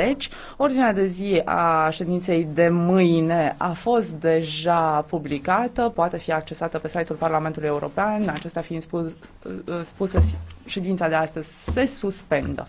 Deci, ordinea de zi a ședinței de mâine a fost deja publicată, poate fi accesată pe site-ul Parlamentului European. Acestea fiind spus, spuse, ședința de astăzi se suspendă.